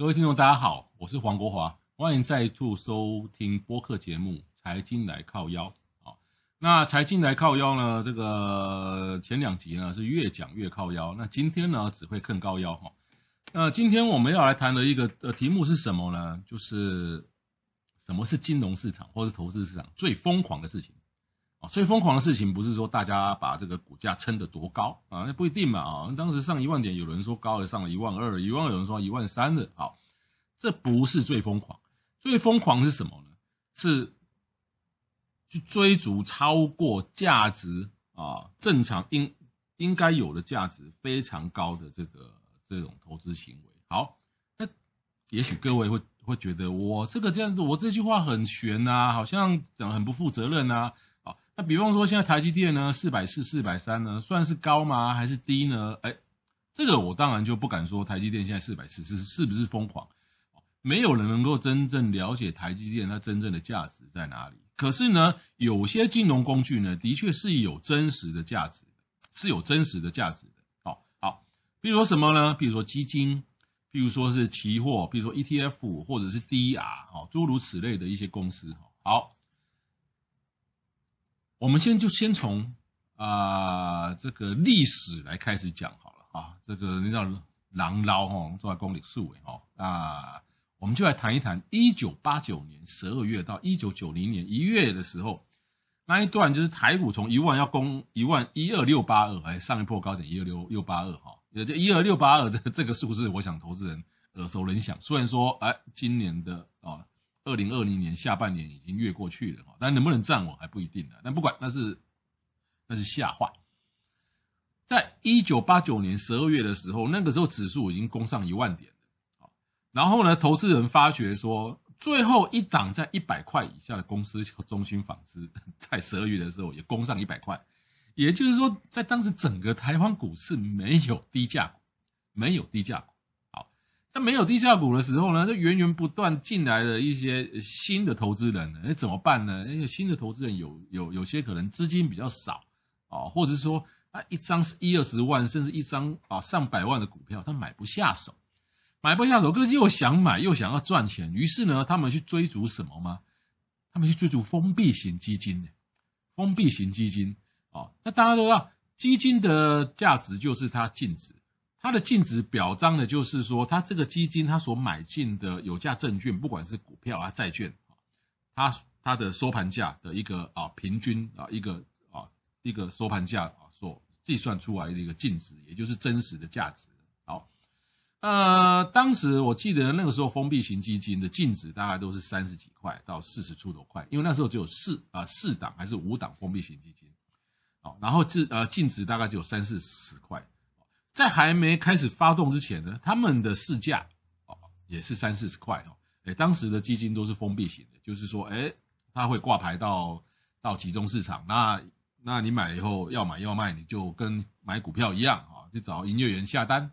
各位聽眾，大家好，我是黃國華，歡迎再度收聽播客節目《財經來靠腰》。那《財經來靠腰》呢，這個前兩集呢是越講越靠腰，那今天呢只會更高腰哈。那今天我們要來談的一個呃題目是什麼呢？就是什麼是金融市場或是投資市場最瘋狂的事情啊。最瘋狂的事情不是說大家把這個股價撐得多高啊，那不一定嘛啊。當時上一萬點，有人說高了，上了一萬二，一萬二有人說一萬三的，好。這不是最瘋狂，最瘋狂是什麼呢？是去追逐超過價值啊，正常應應該有的價值非常高的這個這種投資行為。好，那也許各位會會覺得我這個這樣子，我這句話很懸吶、啊，好像講很不負責任吶、啊。好，那比方說現在台積電呢，四百四、四百三呢，算是高嗎？還是低呢？哎，這個我當然就不敢說台積電現在四百四是是不是瘋狂。沒有人能夠真正了解台積電它真正的價值在哪裡。可是呢，有些金融工具呢，的確是有真實的價值的，是有真實的價值的。好好，比如說什麼呢？比如說基金，譬如說是期貨，比如說 ETF 或者是 DR，哦，諸如此類的一些公司。好，我們先就先從啊，呃，這個歷史來開始講好了。啊，這個你知道狼撈哦，做在公里數位哦，啊。我們就來談一談一九八九年十二月到一九九零年一月的時候，那一段就是台股從一萬要攻一萬一二六八二，哎，上一波高點一二六六八二哈，也就一二六八二這這個數字，我想投資人耳熟能詳。雖然說哎，今年的啊二零二零年下半年已經越過去了，但能不能站穩還不一定呢。但不管，那是那是下話。在一九八九年十二月的時候，那個時候指數已經攻上一萬點。然後呢，投資人發覺說，最後一檔在一百塊以下的公司，叫中興紡織，在十二月的時候也攻上一百塊。也就是說，在當時整個台灣股市沒有低價股，沒有低價股。好，那沒有低價股的時候呢，就源源不斷進來了一些新的投資人，那怎麼辦呢？因為新的投資人有有有些可能資金比較少啊，哦，或者說啊，一張是一二十萬，甚至一張啊上百萬的股票，他買不下手。買不下手，可是又想買，又想要賺錢。於是呢，他們去追逐什麼嗎？他們去追逐封閉型基金。封閉型基金啊、哦，那大家都知道，基金的價值就是它淨值，它的淨值表彰的就是說，它這個基金它所買進的有價證券，不管是股票啊、債券，它它的收盤價的一個啊平均啊一個啊一個收盤價啊所計算出來的一個淨值，也就是真實的價值。好、哦。呃，當時我記得那個時候封閉型基金的淨值大概都是三十幾塊到四十出頭塊，因為那時候只有四啊、呃、四檔還是五檔封閉型基金，哦，然後至呃淨值大概只有三四十塊，在還沒開始發動之前呢，他們的市價哦也是三四十塊哦，誒，當時的基金都是封閉型的，就是說誒，它會掛牌到到集中市場，那那你買了以後要買要賣你就跟買股票一樣啊、哦，就找營業員下單。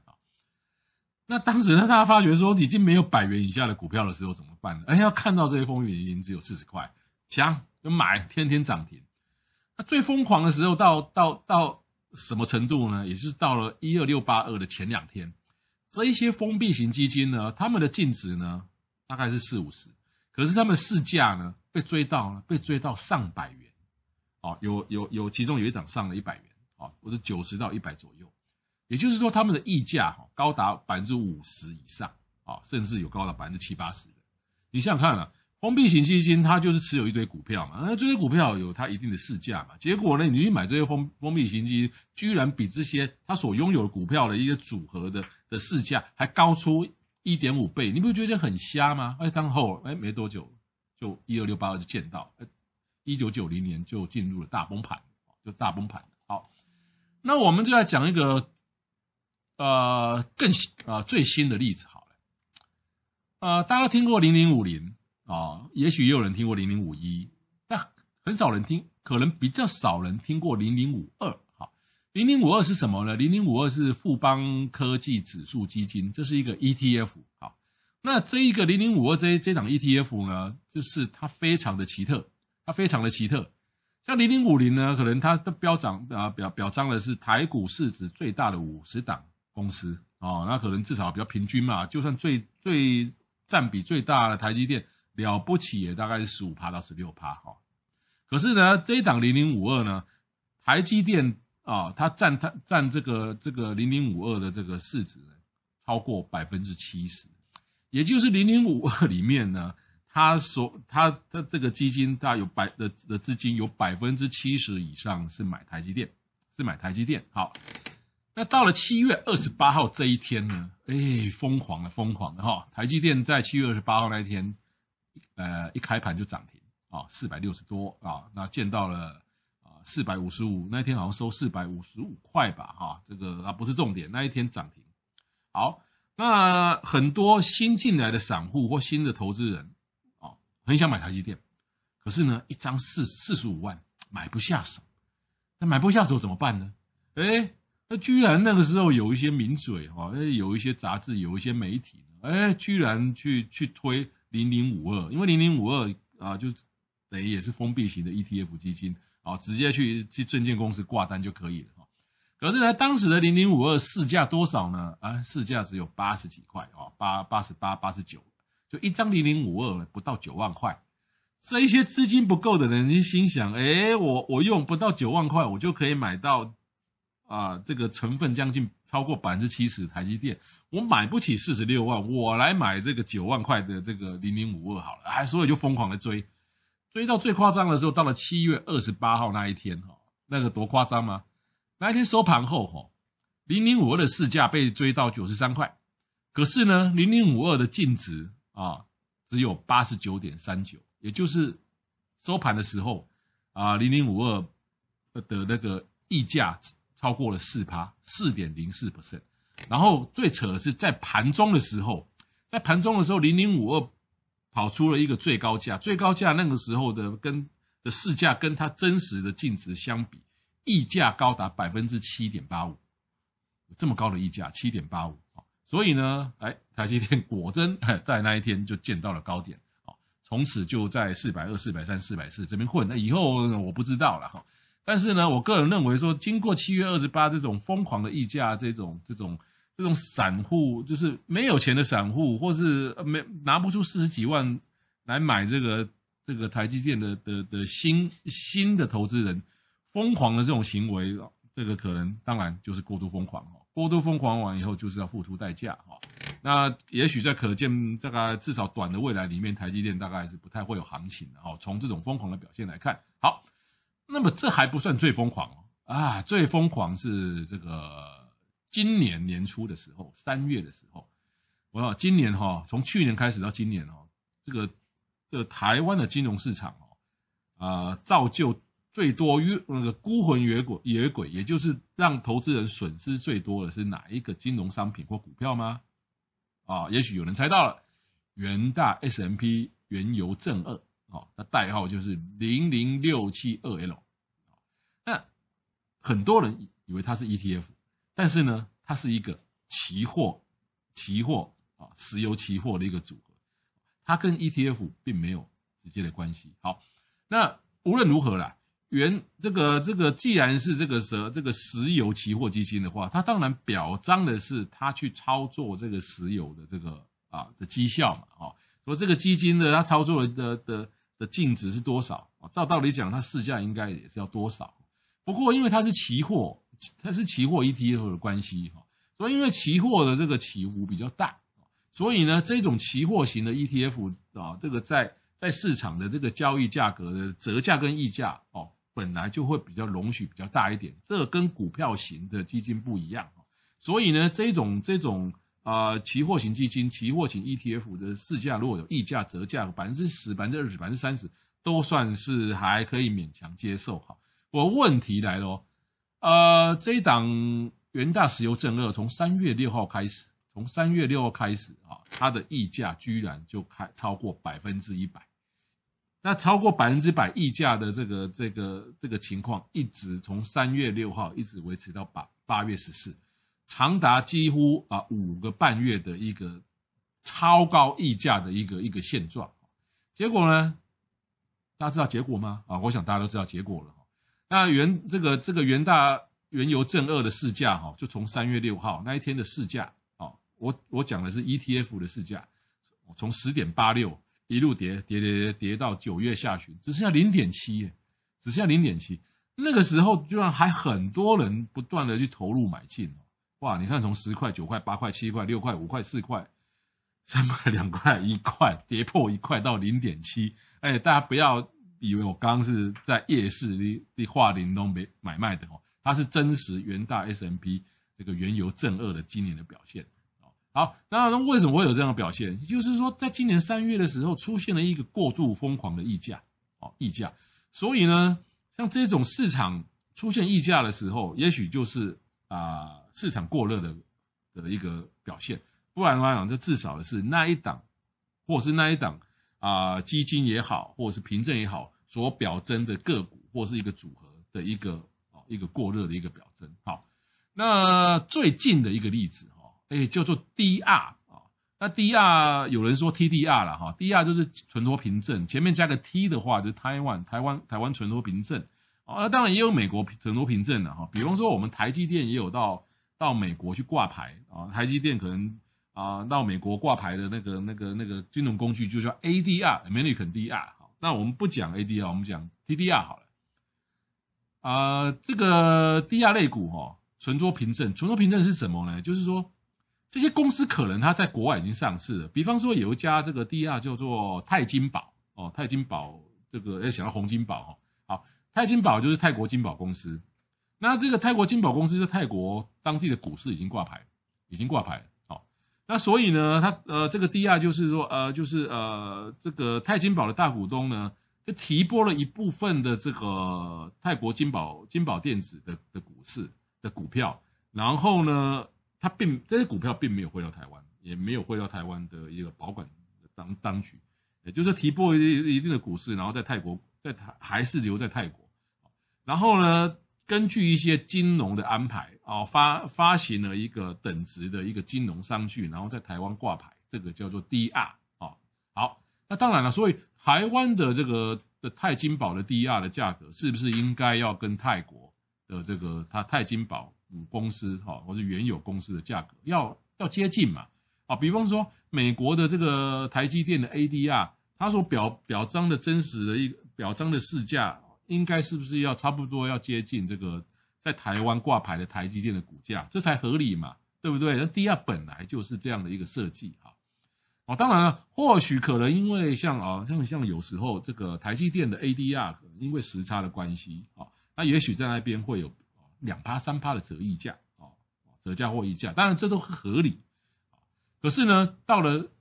那當時呢，大家發覺說已經沒有百元以下的股票的時候怎麼辦呢？哎呀，要看到這些封閉基金只有四十塊，搶就買，天天漲停。那最瘋狂的時候到到到什麼程度呢？也就是到了一二六八二的前兩天，這一些封閉型基金呢，他們的淨值呢大概是四五十，可是他們市價呢被追到被追到上百元，哦，有有有，其中有一檔上了一百元，哦，或者九十到一百左右。也就是說，他們的溢價哈高達百分之五十以上啊，甚至有高達百分之七八十的。你想想看啊，封閉型基金它就是持有一堆股票嘛，那這些股票有它一定的市價嘛，結果呢，你去買這些封封閉型基金，居然比這些它所擁有的股票的一些組合的的市價還高出一點五倍，你不覺得這很瞎嗎？而、哎、當後，哎，沒多久就一二六八二就見到，一九九零年就進入了大崩盤，就大崩盤。好，那我們就來講一個。呃，更呃，最新的例子好了，呃，大家都聽過零零五零啊，也許也有人聽過零零五一，但很少人聽，可能比較少人聽過零零五二。好，零零五二是什麼呢？零零五二是富邦科技指數基金，這是一個 ETF，哦。好，那這一個零零五二這這檔 ETF 呢，就是它非常的奇特，它非常的奇特。像零零五零呢，可能它的標漲啊表彰表，表彰的是台股市值最大的五十檔。公司啊，哦，那可能至少比較平均嘛。就算最最佔比最大的台積電了不起，也大概是十五趴到十六趴哈。可是呢，這一檔零零五二呢，台積電啊，哦，它佔它佔這個這個零零五二的這個市值超過百分之七十，也就是零零五二裡面呢，它所它的這個基金它有百的的資金有百分之七十以上是買台積電，是買台積電，好。那到了七月二十八號這一天呢？哎，瘋狂了，瘋狂了哈！台積電在七月二十八號那一天，呃，一開盤就漲停啊，四百六十多啊，那見到了啊，四百五十五，那一天好像收四百五十五塊吧，哈，這個啊不是重點，那一天漲停。好，那很多新進來的散戶或新的投資人啊，很想買台積電，可是呢，一張四四十五萬買不下手，那買不下手怎麼辦呢？哎。那居然那個時候有一些名嘴哈，哎，有一些雜誌，有一些媒體，哎，居然去去推零零五二，因為零零五二啊，就等於也是封閉型的 ETF 基金啊，直接去去證券公司掛單就可以了哈、啊。可是呢，當時的零零五二市價多少呢？啊，市價只有八十幾塊啊，八八十八、八十九，就一張零零五二不到九萬塊。這一些資金不夠的人就心想，哎，我我用不到九萬塊，我就可以買到。啊，這個成分將近超過百分之七十，台積電我買不起四十六萬，我來買這個九萬塊的這個零零五二好了，哎、啊，所以就瘋狂的追，追到最誇張的時候，到了七月二十八號那一天哈，那個多誇張嗎？那一天收盤後哈，零零五二的市價被追到九十三塊，可是呢，零零五二的淨值啊只有八十九點三九，也就是收盤的時候啊，零零五二的那個溢價。超過了四趴，四點零四趴。然後最扯的是在盤中的時候，在盤中的時候，零零五二跑出了一個最高價，最高價那個時候的跟的市價跟它真實的淨值相比，溢價高達百分之七點八五，這麼高的溢價，七點八五。所以呢，哎，台積電果真在那一天就見到了高點。從此就在四百二、四百三、四百四這邊混。那以後我不知道了哈。但是呢，我個人認為說，經過七月二十八這種瘋狂的溢價，這種這種這種散戶，就是沒有錢的散戶，或是沒拿不出四十幾萬來買這個這個台積電的的的的新新的投資人，瘋狂的這種行為，這個可能當然就是過度瘋狂哦，過度瘋狂完以後就是要付出代價哈。那也許在可見這個至少短的未來裡面，台積電大概是不太會有行情的哦。從這種瘋狂的表現來看，好。那麼這還不算最瘋狂、哦、啊！最瘋狂是這個今年年初的時候，三月的時候，我今年哈、哦，從去年開始到今年哦，這個這個、台灣的金融市場哦，啊、呃，造就最多那個孤魂野鬼，野鬼，也就是讓投資人損失最多的是哪一個金融商品或股票嗎？啊、哦，也許有人猜到了，元大 S&P 原油正二。哦，那代號就是零零六七二 L，那很多人以為它是 ETF，但是呢，它是一個期貨，期貨啊，石油期貨的一個組合，它跟 ETF 並沒有直接的關係。好，那無論如何啦，原這個這個既然是這個蛇，這個石油期貨基金的話，它當然表彰的是它去操作這個石油的這個啊的績效嘛，啊。說這個基金呢，它操作的的的，的淨值是多少？照道理講，它市價應該也是要多少。不過因為它是期貨，它是期貨 ETF 的關係哈，所以因為期貨的這個起伏比較大。所以呢，這種期貨型的 ETF 啊，這個在在市場的這個交易價格的折價跟溢價哦，本來就會比較容許比較大一點。這個跟股票型的基金不一樣，所以呢，這種這種。啊、呃，期貨型基金、期貨型 ETF 的市價如果有溢價、折價，百分之十、百分之二十、百分之三十，都算是還可以勉強接受哈。我問題來咯。呃，這一檔元大石油正二從三月六號開始，從三月六號開始啊，它的溢價居然就開超過百分之一百。那超過百分之百溢價的這個這個這個情況，一直從三月六號一直維持到八八月十四。長達幾乎啊五個半月的一個超高溢價的一個一個現狀，結果呢？大家知道結果嗎？啊，我想大家都知道結果了。那原這個這個元大原油正二的市價哈，就從三月六號那一天的市價啊，我我講的是 ETF 的市價，從十點八六一路跌跌跌跌跌到九月下旬，只剩下零點七耶，只剩下零點七。那個時候居然還很多人不斷的去投入買進。哇！你看，從十塊、九塊、八塊、七塊、六塊、五塊、四塊、三塊、兩塊、一塊，跌破一塊到零點七。哎，大家不要以為我剛剛是在夜市的的華林東買買賣的哦，它是真實元大 S&P 這個原油正二的今年的表現哦。好，那為什麼會有這樣的表現？就是說，在今年三月的時候，出現了一個過度瘋狂的溢價哦，溢價。所以呢，像這種市場出現溢價的時候，也許就是啊。呃市場過熱的的一個表現，不然的話講，這至少是那一檔，或者是那一檔啊、呃，基金也好，或者是憑證也好，所表徵的個股或是一個組合的一個啊一個過熱的一個表徵。好，那最近的一個例子哈，誒，叫做 DR 啊，那 DR 有人說 TDR 了哈，DR 就是存託憑證，前面加個 T 的話，就是台灣台灣台灣存託憑證啊，那當然也有美國存託憑證的哈，比方說我們台積電也有到。到美國去掛牌啊，台積電可能啊到美國掛牌的那個那個那個金融工具就叫 ADR，American D R。好，那我們不講 ADR，我們講 TDR 好了。啊、呃，這個 DR 類股哈，存托憑證，存托憑證是什麼呢？就是說這些公司可能它在國外已經上市了。比方說有一家這個 DR 叫做泰金寶哦，泰金寶這個要想到洪金寶哈，好，泰金寶就是泰國金寶公司。那這個泰國金寶公司在泰國當地的股市已經掛牌，已經掛牌了。好、哦，那所以呢，他呃，這個 DR 就是說，呃，就是呃，這個泰金寶的大股東呢，就提撥了一部分的這個泰國金寶、金寶電子的、的股市的股票，然後呢，它併這些股票並沒有回到台灣，也沒有回到台灣的一個保管當、當局，也就是提撥一一定的股市，然後在泰國，在台還是留在泰國，然後呢，根據一些金融的安排啊、哦，發發行了一個等值的一個金融商具，然後在台灣掛牌，這個叫做 D R 啊、哦。好，那當然了，所以台灣的這個的泰金寶的 D R 的價格，是不是應該要跟泰國的這個它泰金寶公司哈、哦，或是原有公司的價格要要接近嘛？啊、哦，比方說美國的這個台積電的 A D R，它所表表彰的真實的一個表彰的市價。應該是不是要差不多要接近這個在台灣掛牌的台積電的股價，這才合理嘛？對不對？那 DR 本來就是這樣的一個設計啊。哦，當然了，或許可能因為像啊、哦、像像有時候這個台積電的 ADR 因為時差的關係啊、哦，那也許在那邊會有兩趴三趴的折溢價啊、哦，折價或溢價，當然這都合理、哦、可是呢，到了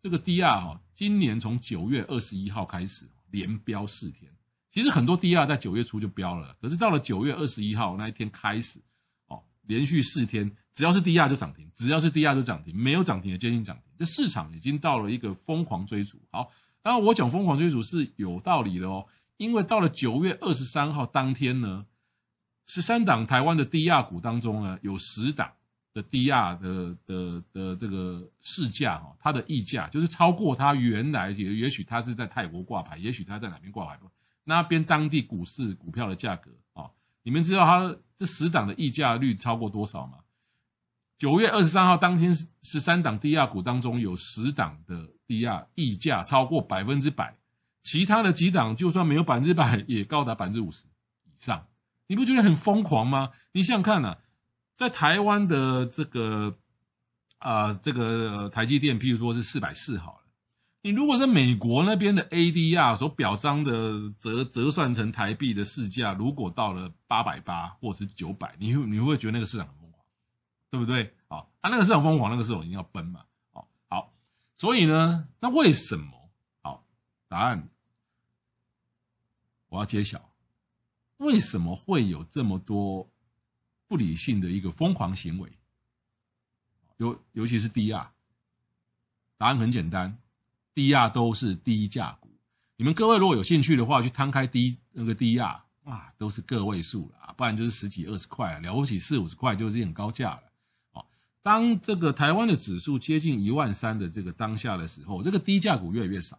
這個 DR 哈、哦，今年從九月二十一號開始連飆四天。其實很多 DR 在九月初就飆了，可是到了九月二十一號那一天開始，哦，連續四天只要是 DR 就漲停，只要是 DR 就漲停，沒有漲停的接近漲停，這市場已經到了一個瘋狂追逐。好，然後我講瘋狂追逐是有道理的哦，因為到了九月二十三號當天呢，十三檔台灣的 DR 股當中呢，有十檔的 DR 的的的、的這個市價哈，它的溢價就是超過它原來也也許它是在泰國掛牌，也許它在哪邊掛牌。那邊當地股市股票的價格啊，你們知道它這十檔的溢價率超過多少嗎？九月二十三號當天十三檔 DR 股當中有十檔的 DR 溢價超過百分之百，其他的幾檔就算沒有百分之百，也高達百分之五十以上。你不覺得很瘋狂嗎？你想想看啊，在台灣的這個啊、呃、這個台積電，譬如說是四百四好了。你如果在美國那邊的 ADR 所表彰，的折折算成台幣的市價，如果到了八百八或者是九百，你會你會覺得那個市場很瘋狂，對不對？好啊，它那個市場瘋狂，那個時候一定要崩嘛。好，所以呢，那為什麼？好，答案我要揭曉，為什麼會有這麼多不理性的一個瘋狂行為？尤尤其是 DR，答案很簡單。低壓都是低價股，你們各位如果有興趣的話，去攤開 DR 那個 DR，哇，都是個位數了啊，不然就是十幾、二十塊，了不起四五十塊就是很高價了啊、哦。當這個台灣的指數接近一萬三的這個當下的時候，這個低價股越來越少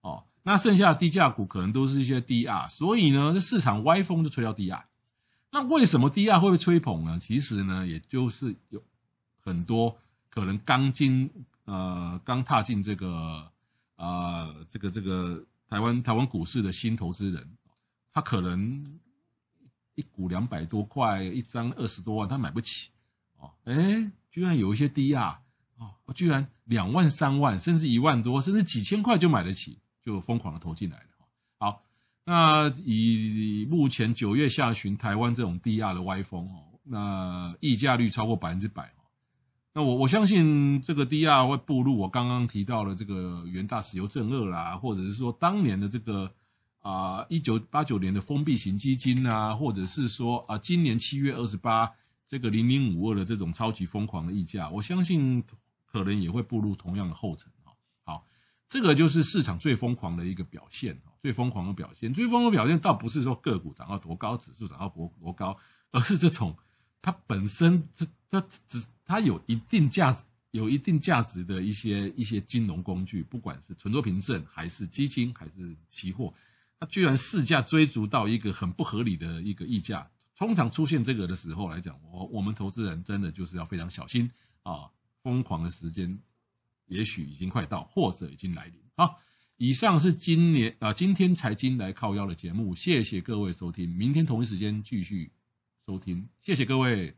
哦，那剩下的低價股可能都是一些 DR，所以呢，這市場歪風就吹到 DR，那為什麼 DR 會被吹捧呢？其實呢，也就是有很多可能剛進呃剛踏進這個。啊、呃，這個這個台灣台灣股市的新投資人，他可能一股兩百多塊，一張二十多萬，他買不起，哦，哎，居然有一些 DR，哦，居然兩萬三萬，甚至一萬多，甚至幾千塊就買得起，就瘋狂的投進來了。好，那以目前九月下旬台灣這種 DR 的歪風，哦，那溢價率超過百分之百。那我我相信這個 DR 會步入我剛剛提到的這個元大石油正二啦，啊，或者是說當年的這個啊一九八九年的封閉型基金啊，或者是說啊、呃、今年七月二十八這個零零五二的這種超級瘋狂的溢價，我相信可能也會步入同樣的後塵。好，這個就是市場最瘋狂的一個表現，最瘋狂的表現，最瘋狂的表現倒不是說個股漲到多高，指數漲到多多高，而是這種它本身這它只。它有一定價值、有一定價值的一些一些金融工具，不管是存托憑證、還是基金、還是期貨，它居然市價追逐到一個很不合理的一個溢價。通常出現這個的時候來講，我我們投資人真的就是要非常小心啊！瘋狂的時間也許已經快到，或者已經來臨。好，以上是今年啊今天財經來靠腰的節目，謝謝各位收聽，明天同一時間繼續收聽，謝謝各位。